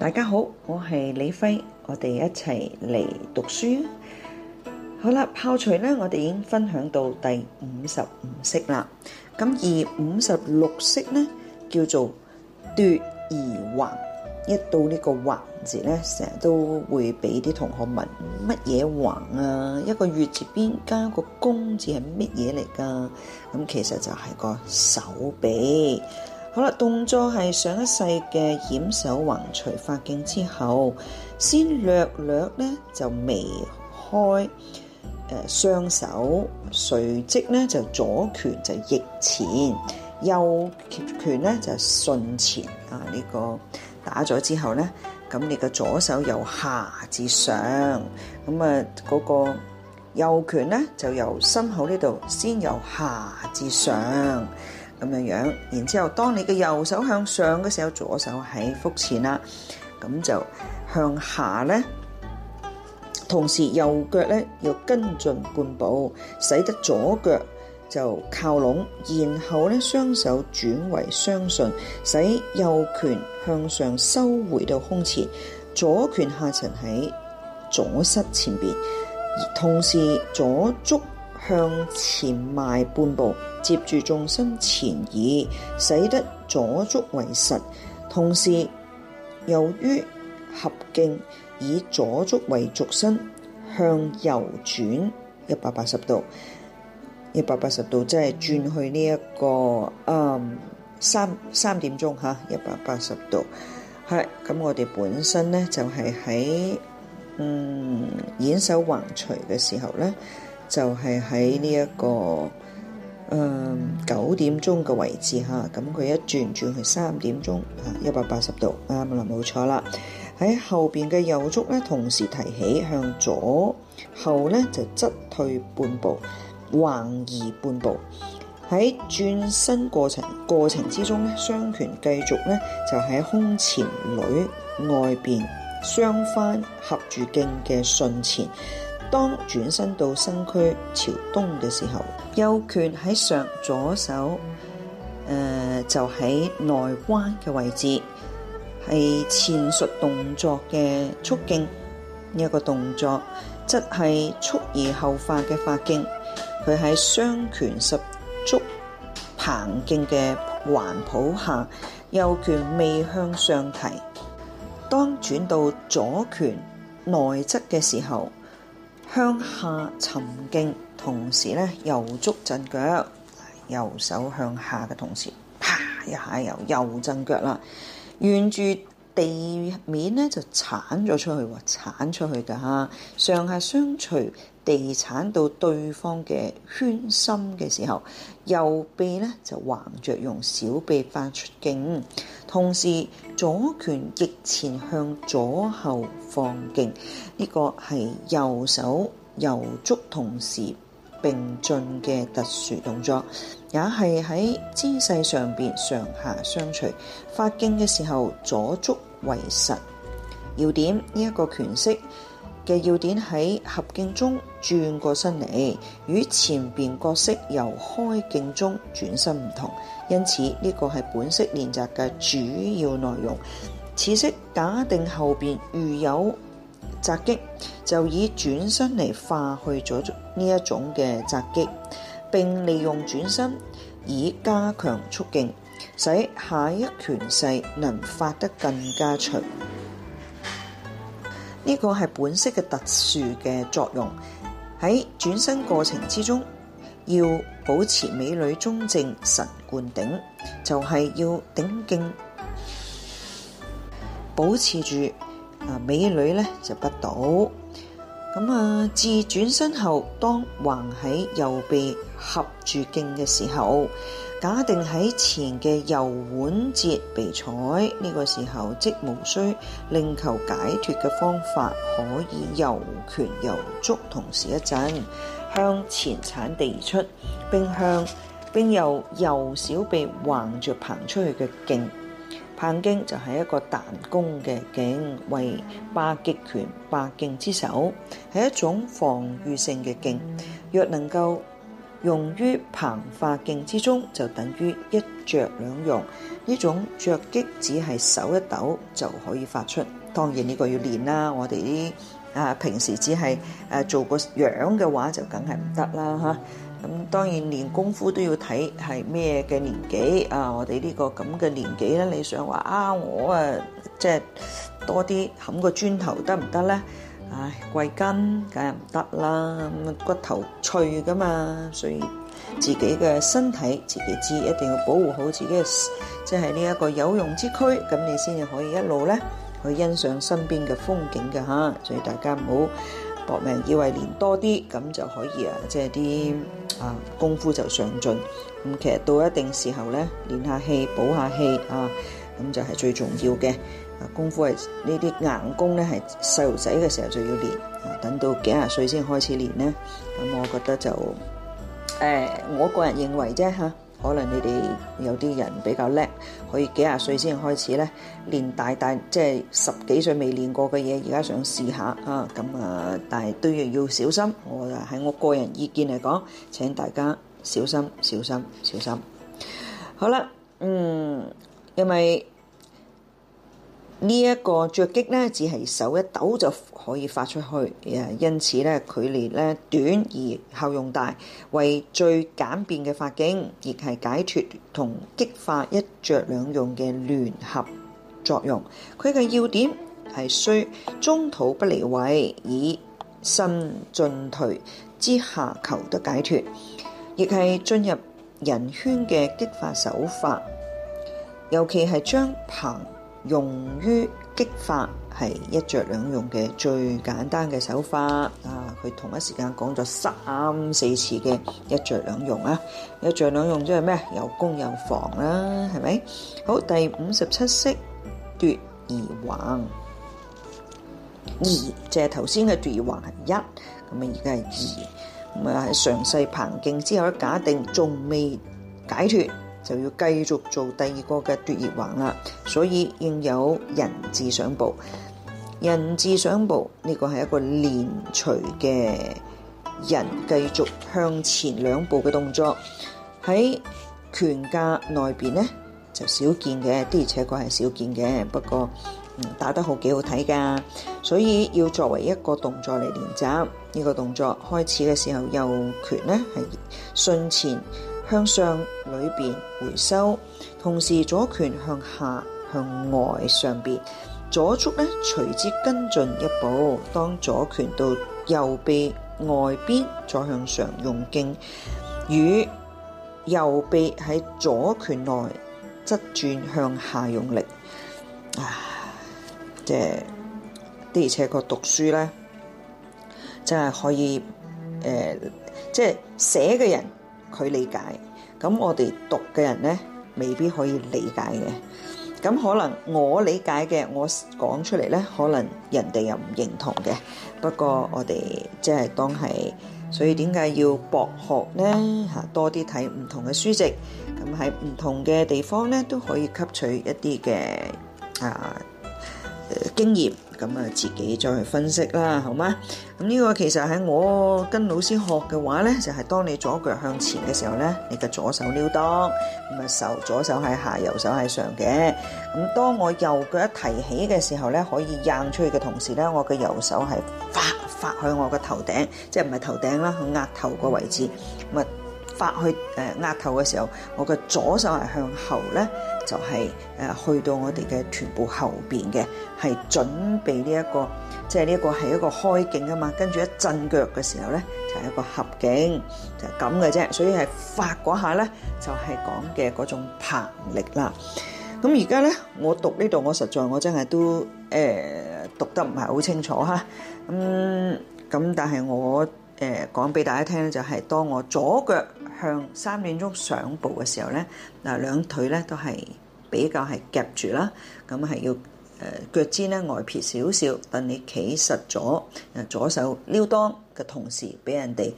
大家好，我係李輝，我哋一齊嚟讀書。好啦，炮捶咧，我哋已經分享到第五十五式啦。咁而五十六式咧，叫做奪二肱。一到、這個、橫呢個橫字咧，成日都會俾啲同學問乜嘢橫啊？一個月字邊加一個公字係乜嘢嚟噶？咁其實就係個手臂。好啦，動作係上一世嘅掩手肱捶發勁之後，先略略咧就微開誒雙、呃、手呢，隨即咧就左拳就逆前，右拳咧就順前啊！呢、呢個打咗之後咧，咁你嘅左手由下至上，咁啊嗰個右拳咧就由心口呢度先由下至上。咁樣樣，然之後當你嘅右手向上嘅時候，左手喺腹前啦，咁就向下咧。同時右腳咧要跟進半步，使得左腳就靠攏，然後咧雙手轉為雙順，使右拳向上收回到胸前，左拳下沉喺左膝前邊，同時左足。向前邁半步，接住重心前移，使得左足為實。同時，由於合勁以左足為軸心，向右轉一百八十度。一百八十度即係、就是、轉去呢、這、一個嗯三三、嗯、點鐘吓，一百八十度係咁。我哋本身呢，就係、是、喺嗯掩手肱捶嘅時候呢。就係喺呢一個嗯九點鐘嘅位置嚇，咁佢一轉轉去三點鐘，一百八十度啱啦，冇錯啦。喺後邊嘅右足咧，同時提起向左後咧就側退半步，橫移半步。喺轉身過程過程之中咧，雙拳繼續咧就喺胸前裏外邊雙翻合住勁嘅順前。當轉身到身軀朝東嘅時候，右拳喺上左手，誒、呃、就喺內彎嘅位置係前述動作嘅速勁呢一個動作，則係速而後化發嘅發勁。佢喺雙拳十足掤勁嘅環抱下，右拳未向上提。當轉到左拳內側嘅時候。向下沉勁，同時呢右足震腳，右手向下嘅同時，啪一下又又震腳啦，沿住，地面咧就鏟咗出去，鏟出去噶嚇，上下相隨地鏟到對方嘅圈心嘅時候，右臂咧就橫着用小臂發出勁，同時左拳亦前向左後放勁，呢、這個係右手右足同時並進嘅特殊動作，也係喺姿勢上面上下相隨發勁嘅時候，左足。為實要點呢一個拳式嘅要點喺合勁中轉過身嚟，與前邊個式由開勁中轉身唔同，因此呢個係本式練習嘅主要內容。此式假定後邊如有襲擊，就以轉身嚟化去咗呢一種嘅襲擊，並利用轉身以加強蓄勁。使下一拳勢能發得更加脆，呢個係本色嘅特殊嘅作用。喺轉身過程之中，要保持美女中正神貫頂，就係要頂勁，保持住啊美女咧就不倒。咁啊！自轉身後，當橫喺右臂合住勁嘅時候，假定喺前嘅右腕節被採，呢、這個時候即無需另求解脱嘅方法，可以右拳右足同時一震向前鏟地而出，並向並由右小臂橫著掤出去嘅勁。棒勁就係一個彈弓嘅勁，為八極拳八勁之首，係一種防禦性嘅勁。若能夠用於膨化勁之中，就等於一着兩用。呢種着擊只係手一抖就可以發出，當然呢個要練啦。我哋啲啊平時只係誒、啊、做個樣嘅話，就梗係唔得啦嚇。咁當然練功夫都要睇係咩嘅年紀啊！我哋呢、這個咁嘅年紀咧，你想話啊，我啊即係多啲冚個磚頭得唔得咧？唉，貴、哎、根梗係唔得啦，骨頭脆噶嘛，所以自己嘅身體自己知，一定要保護好自己，嘅，即係呢一個有用之軀，咁你先至可以一路咧去欣賞身邊嘅風景嘅嚇。所以大家唔好搏命以為練多啲咁就可以啊，即係啲～、嗯啊，功夫就上進，咁其實到一定時候咧，練下氣，補下氣啊，咁就係最重要嘅。啊，功夫係呢啲硬功咧，係細路仔嘅時候就要練，啊、等到幾廿歲先開始練咧，咁、啊、我覺得就誒、呃，我個人認為啫嚇。啊可能你哋有啲人比較叻，可以幾廿歲先開始咧，練大大即係十幾歲未練過嘅嘢，而家想試下啊！咁啊，但係都要小心，我就喺我個人意見嚟講，請大家小心、小心、小心。好啦，嗯，因為。呢一個着擊呢，只係手一抖就可以發出去，因此呢，距離呢短而效用大，為最簡便嘅發勁，亦係解脫同激發一着兩用嘅聯合作用。佢嘅要點係需中途不離位，以身進退之下求得解脫，亦係進入人圈嘅激發手法，尤其係將棚。用於激發係一着兩用嘅最簡單嘅手法啊！佢同一時間講咗三四次嘅一着兩用啊！一着兩用即係咩？有攻有防啦，係咪？好，第五十七式奪二肱二，2，就係頭先嘅奪二肱一，咁啊而家係二，咁啊喺上勢盤勁之後呢，假定仲未解脱。就要繼續做第二個嘅奪二肱啦，所以要有人字上步，人字上步呢，這個係一個連隨嘅人繼續向前兩步嘅動作。喺拳架內邊呢，就少見嘅，的而且確係少見嘅，不過打得好幾好睇噶，所以要作為一個動作嚟練習。呢個動作開始嘅時候，右拳呢係順前向上裏邊回收，同時左拳向下向外上邊，左足咧隨之跟進一步。當左拳到右臂外邊，再向上用勁，與右臂喺左拳內側轉向下用力。啊，即係的而且確讀書咧，真係可以誒，即係寫嘅人。佢理解，咁我哋讀嘅人咧，未必可以理解嘅。咁可能我理解嘅，我講出嚟咧，可能人哋又唔認同嘅。不過我哋即係當係，所以點解要博學咧？吓，多啲睇唔同嘅書籍，咁喺唔同嘅地方咧，都可以吸取一啲嘅啊經驗。咁啊，自己再去分析啦，好嘛？咁、這、呢個其實喺我跟老師學嘅話呢，就係、是、當你左腳向前嘅時候呢，你嘅左手撩當，咁啊手左手喺下，右手喺上嘅。咁當我右腳一提起嘅時候呢，可以掟出去嘅同時呢，我嘅右手係發發向我嘅頭頂，即係唔係頭頂啦，額頭個位置咁啊。發去誒額頭嘅時候，我嘅左手係向後咧，就係誒去到我哋嘅臀部後邊嘅，係準備呢一個，即係呢一個係一個開勁啊嘛。跟住一震腳嘅時候咧，就係一個合勁，就係咁嘅啫。所以係發嗰下咧，就係講嘅嗰種彈力啦。咁而家咧，我讀呢度，我實在我真係都誒讀得唔係好清楚嚇。咁咁，但係我。誒講俾大家聽咧，就係當我左腳向三點鐘上步嘅時候咧，嗱兩腿咧都係比較係夾住啦，咁係要誒腳尖咧外撇少少，等你企實咗，誒左手撩擋嘅同時，俾人哋誒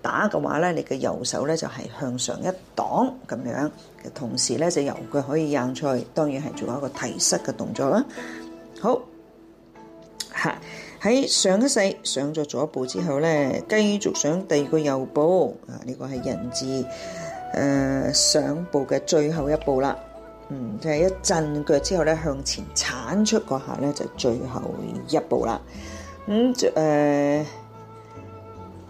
打嘅話咧，你嘅右手咧就係向上一擋咁樣，同時咧就右腳可以掹出去，當然係做一個提膝嘅動作啦。好，嚇。喺上一世上咗左步之後咧，繼續上第二個右步，啊呢個係人字誒、呃、上步嘅最後一步啦。嗯，就係、是、一震腳之後咧，向前鏟出嗰下咧，就是、最後一步啦。咁、嗯、誒。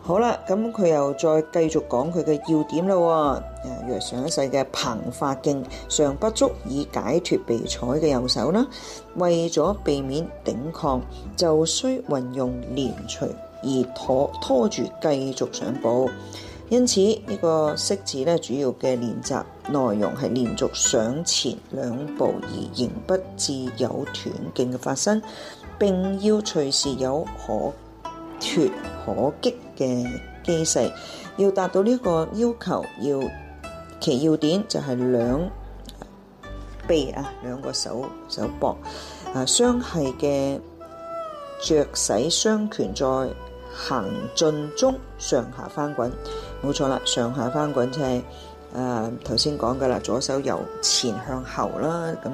好啦，咁佢又再繼續講佢嘅要點啦、啊。誒、呃，若上一世嘅膨發勁尚不足以解脫被採嘅右手啦，為咗避免頂抗，就需運用連隨而拖拖住繼續上步。因此、這個、字呢個式子咧，主要嘅練習內容係連續上前兩步而仍不至有斷勁嘅發生，並要隨時有可。脫可擊嘅機勢，要達到呢個要求，要其要點就係兩臂啊，兩個手手膊啊，雙係嘅着使雙拳在行進中上下翻滾，冇錯啦，上下翻滾就係誒頭先講噶啦，左手由前向後啦咁。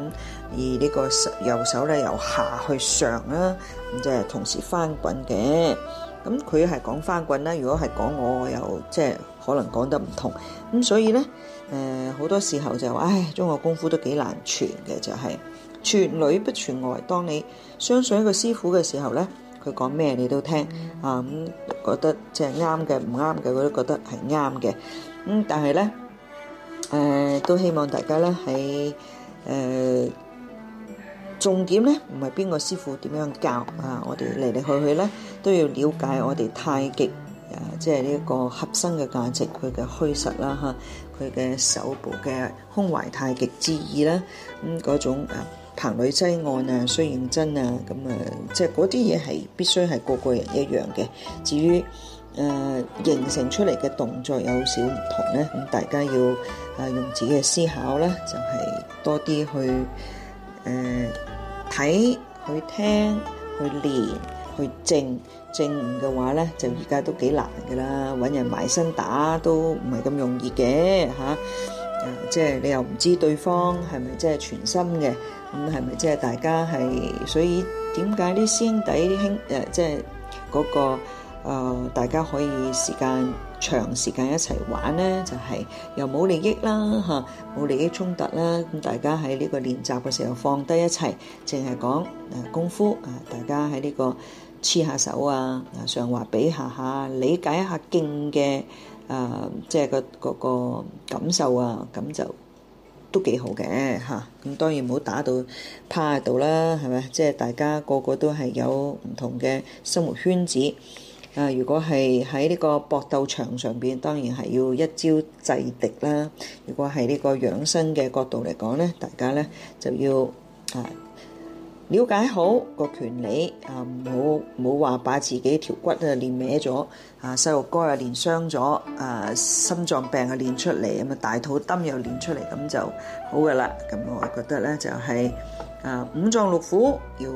而呢個右手咧由下去上啦、啊，咁即係同時翻滾嘅。咁佢係講翻滾啦，如果係講我，我又即係可能講得唔同。咁、嗯、所以咧，誒、呃、好多時候就話，唉，中國功夫都幾難傳嘅，就係傳女不傳外。當你相信一個師傅嘅時候咧，佢講咩你都聽啊。咁、嗯、覺得即係啱嘅，唔啱嘅我都覺得係啱嘅。咁、嗯、但係咧，誒、呃、都希望大家咧喺誒。重點咧唔係邊個師傅點樣教啊！我哋嚟嚟去去咧，都要了解我哋太極啊，即係呢一個核心嘅價值，佢嘅虛實啦嚇，佢嘅手部嘅胸懷太極之意啦，咁嗰種誒掤捋擠按啊，需、啊啊、認真啊，咁啊，即係嗰啲嘢係必須係個個人一樣嘅。至於誒、啊、形成出嚟嘅動作有少唔同咧，咁、啊、大家要啊用自己嘅思考咧，就係、是、多啲去誒。啊睇去聽去練去靜靜嘅話咧，就而家都幾難㗎喇，揾人埋身打都唔係咁容易嘅吓。誒，即、呃、係、即係、你又唔知對方係咪即係全心嘅，咁係咪即係大家係？所以點解啲師兄弟兄誒，即係嗰個、呃、大家可以時間？長時間一齊玩咧，就係、是、又冇利益啦嚇，冇、啊、利益衝突啦，咁大家喺呢個練習嘅時候放低一齊，淨係講誒功夫啊，大家喺呢個黐下、啊啊、手啊，啊上話比下下、啊，理解一下勁嘅誒，即、啊、係、就是那個嗰、那個感受啊，咁就都幾好嘅嚇。咁、啊、當然唔好打到趴喺度啦，係咪？即、就、係、是、大家個個都係有唔同嘅生活圈子。啊！如果係喺呢個搏鬥場上邊，當然係要一招制敵啦。如果係呢個養生嘅角度嚟講咧，大家咧就要啊了解好個權利啊，唔好唔好話把自己條骨啊練歪咗，啊細路哥啊練傷咗，啊心臟病練啊練出嚟啊大肚墩又練出嚟咁就好噶啦。咁、嗯、我覺得咧就係、是、啊五臟六腑要。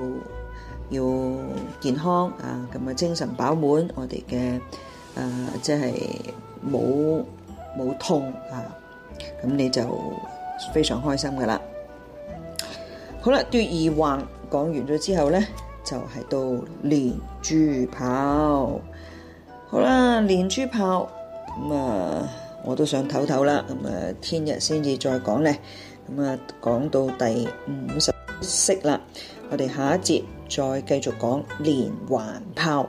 要健康啊，咁啊精神飽滿，我哋嘅誒即係冇冇痛啊，咁你就非常開心噶啦。好啦，奪二肱講完咗之後咧，就係到連珠炮。好啦，連珠炮咁啊，我都想唞唞啦。咁啊，聽日先至再講咧。咁啊，講到第五十式啦，我哋下一節。再繼續講連環炮。